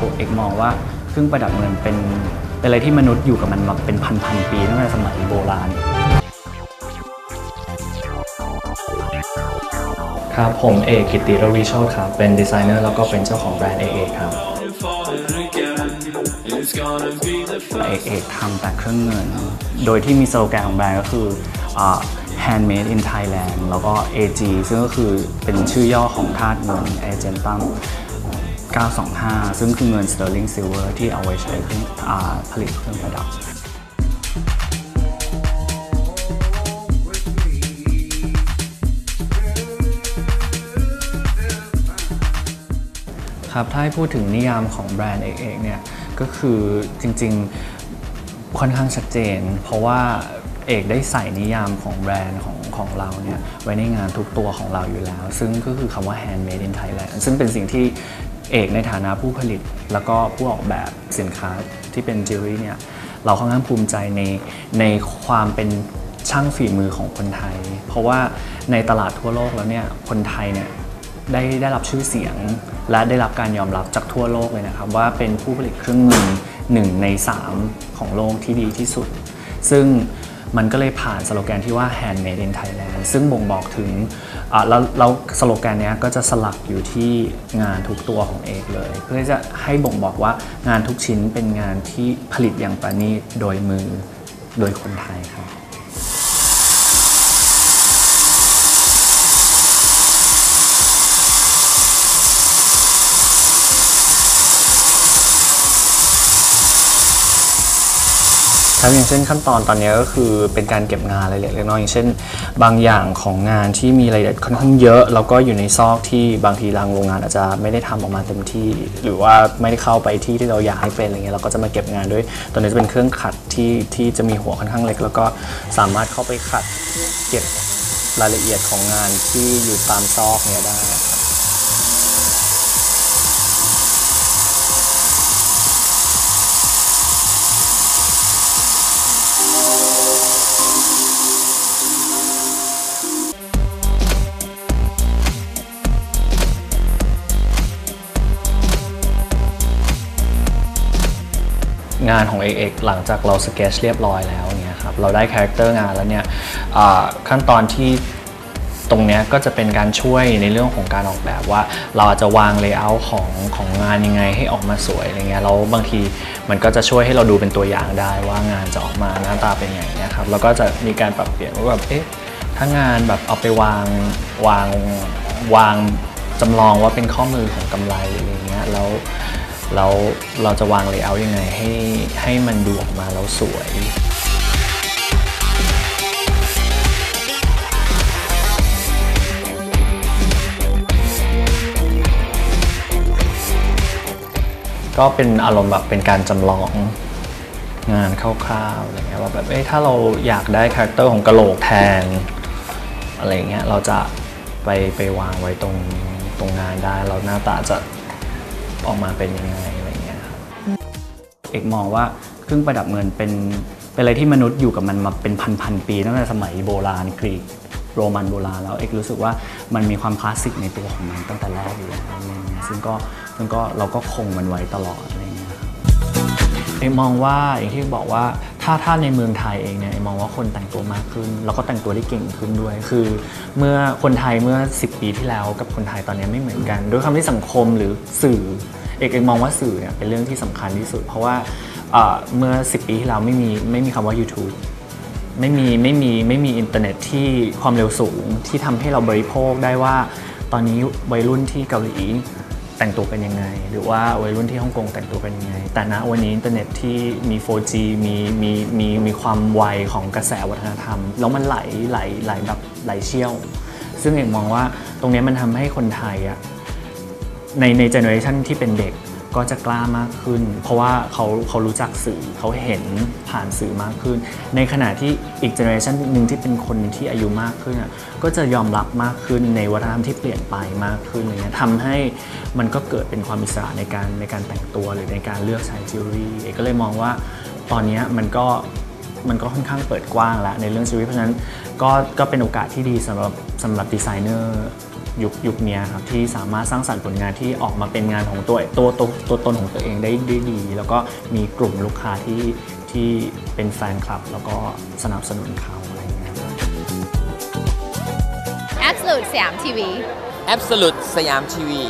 ปุ๊บเอกมองว่าเครื่องประดับเงินเป็นเป็นอะไรที่มนุษย์อยู่กับมันมาเป็นพันๆปีตั้งแต่สมัยโบราณ ครับ ผมเอกกิติรวิโชตครับเป็นดีไซเนอร์แล้วก็เป็นเจ้าของแบรนด์เเอครับเอกเอทำแต่เครื่องเงินโดยที่มีโลแกนของแบรนด์ก็คือ handmade in Thailand แล้วก็ AG ซึ่งก็คือเป็นชื่อย่อของธาตุเงิน a g e n t u m 925 ซึ่งคือเงินสเตอร์ลิงซิลเวอร์ที่เอาไว้ใช้ผลิตเครื่องประดับ ครับถ้าให้พูดถึงนิยามของแบรนด์เอกเนี่ย ก็คือจริง ๆ ค่อนข้างชัดเจน เพราะว่าเอกได้ใส่นิยามของแบรนด์ของของเราเนี่ย ไว้ในงานทุกตัวของเราอยู่แล้ว ซึ่งก็คือคำว่า handmade in Thailand ซึ่งเป็นสิ่งที่เอกในฐานะผู้ผลิตแล้วก็ผู้ออกแบบสินค้าที่เป็นจิวเวลรี่เนี่ยเราค่อนข้างภูมิใจในในความเป็นช่างฝีมือของคนไทย เพราะว่าในตลาดทั่วโลกแล้วเนี่ยคนไทยเนี่ยได้ได้รับชื่อเสียงและได้รับการยอมรับจากทั่วโลกเลยนะครับ ว่าเป็นผู้ผลิตเครื่องมือหนึ่งใน 3 ของโลกที่ดีที่สุด ซึ่งมันก็เลยผ่านสโลแกนที่ว่า handmade in Thailand ซึ่งบ่งบอกถึงแล้วแล้วสโลแกนเนี้ยก็จะสลักอยู่ที่งานทุกตัวของเอกเลย เพื่อจะให้บ่งบอกว่างานทุกชิ้นเป็นงานที่ผลิตอย่างประณีตโดยมือโดยคนไทยครับครับอย่างเช่นขั้นตอนตอนนี้ก็คือเป็นการเก็บงานรายละเอียดเล็กน้อยอย่างเช่น บางอย่างของงานที่มีรายละเอียดค่อนข้างเยอะแล้วก็อยู่ในซอกที่บางทีทางโรงงาน อาจจะไม่ได้ทำออกมาเต็มที่ หรือว่าไม่ได้เข้าไปที่ที่เราอยากให้เป็นอะไรเงี้ยเราก็จะมาเก็บงานด้วยตอนนี้จะเป็นเครื่องขัดที่ที่จะมีหัวค่อนข้างเล็ก แล้วก็สามารถเข้าไปขัด เก็บรายละเอียดของงานที่อยู่ตามซอกเนี้ยได้ครับงานของ AX หลังจากเราสเกจเรียบร้อยแล้วเนี่ยครับเราได้คาแรคเตอร์งานแล้วเนี่ยขั้นตอนที่ตรงนี้ก็จะเป็นการช่วยในเรื่องของการออกแบบว่าเราจะวางเลเยอร์ของของงานยังไงให้ออกมาสวยอะไรเงี้ยแล้วบางทีมันก็จะช่วยให้เราดูเป็นตัวอย่างได้ว่างานจะออกมาหน้าตาเป็นอย่งนี้ครับแล้วก็จะมีการปรับเปลี่ยนว่าแบบเอ๊ะถ้างานแบบเอาไปวางวางวางจำลองว่าเป็นข้อมือของกำไรอะไรเงี้ยแล้วแล้วเราจะวางเลเยอร์ยังไงให้ให้มันดูออกมาแล้วสวย ก็เป็นอารมณ์แบบเป็นการจำลองงานคร่าวๆอะไรเงี้ยว่าแบบเอ้ถ้าเราอยากได้คาแรคเตอร์ของกระโหลกแทนอะไรเงี้ยเราจะไปไปวางไว้ตรงตรงงานได้เราหน้าตาจะออกมาเป็นยังไงอะไรเงี้ยครับเอกมองว่าเครื่องประดับเงินเป็นเป็นอะไรที่มนุษย์อยู่กับมันมาเป็นพันพันปีตั้งแต่สมัยโบราณกรีก โรมันโบราณแล้วเอกรู้สึกว่ามันมีความคลาสสิกในตัวของมันตั้งแต่แรกอยู่แล้วอะไรเงี้ยซึ่งก็ซึ่งก็เราก็คงมันไว้ตลอดอะไรเงี้ยครับเอกมองว่าอย่างที่บอกว่าถ้าถ้าในเมืองไทยเองเนี่ยมองว่าคนแต่งตัวมากขึ้น แล้วก็แต่งตัวได้เก่งขึ้นด้วยคือเมื่อคนไทยเมื่อ 10 ปีที่แล้วกับคนไทยตอนนี้ไม่เหมือนกันด้วยความที่สังคมหรือสื่อเอกเองมองว่าสื่อเนี่ยเป็นเรื่องที่สำคัญที่สุด เพราะว่าเมื่อ 10 ปีที่แล้วไม่มีไม่มีคำว่า YouTube ไม่มีไม่มีไม่มีอินเทอร์เน็ตที่ความเร็วสูงที่ทำให้เราบริโภคได้ว่าตอนนี้วัยรุ่นที่เกาหลีแต่งตัวกันยังไง หรือว่าวัยรุ่นที่ฮ่องกงแต่งตัวกันยังไง แต่ณวันนี้อินเทอร์เน็ตที่มี 4G มีมีมีมีความไวของกระแสวัฒนธรรม แล้วมันไหลไหลไหลแบบไหลเชี่ยว ซึ่งเอกมองว่าตรงนี้มันทำให้คนไทยอะในในเจเนอเรชันที่เป็นเด็กก็จะกล้ามากขึ้น เพราะว่าเขาเขารู้จักสื่อเขาเห็นผ่านสื่อมากขึ้น ในขณะที่อีกเจเนอเรชันหนึ่งที่เป็นคนที่อายุมากขึ้นอ่ะก็จะยอมรับมากขึ้น ในวัฒนธรรมที่เปลี่ยนไปมากขึ้นอ่างเงี้ยทำให้มันก็เกิดเป็นความอิสระในการในการแต่งตัวหรือในการเลือกใช้จิวเวลรี่เอกก็เลยมองว่า ตอนนี้มันก็มันก็ค่อนข้างเปิดกว้างแล้วในเรื่องชีวิต เพราะฉะนั้นก็ก็เป็นโอกาสที่ดีสำหรับสำหรับดีไซเนอร์ยุคยุคนี้ครับ ที่สามารถสร้างสรรค์ผลงานที่ออกมาเป็นงานของตัวตัวตัวตัวตนของตัวเองได้ดีแล้วก็มีกลุ่มลูกค้าที่ที่เป็นแฟนคลับ แล้วก็สนับสนุนเขา อะไรอย่างเงี้ย Absolute สยามทีวี Absolute สยามทีวี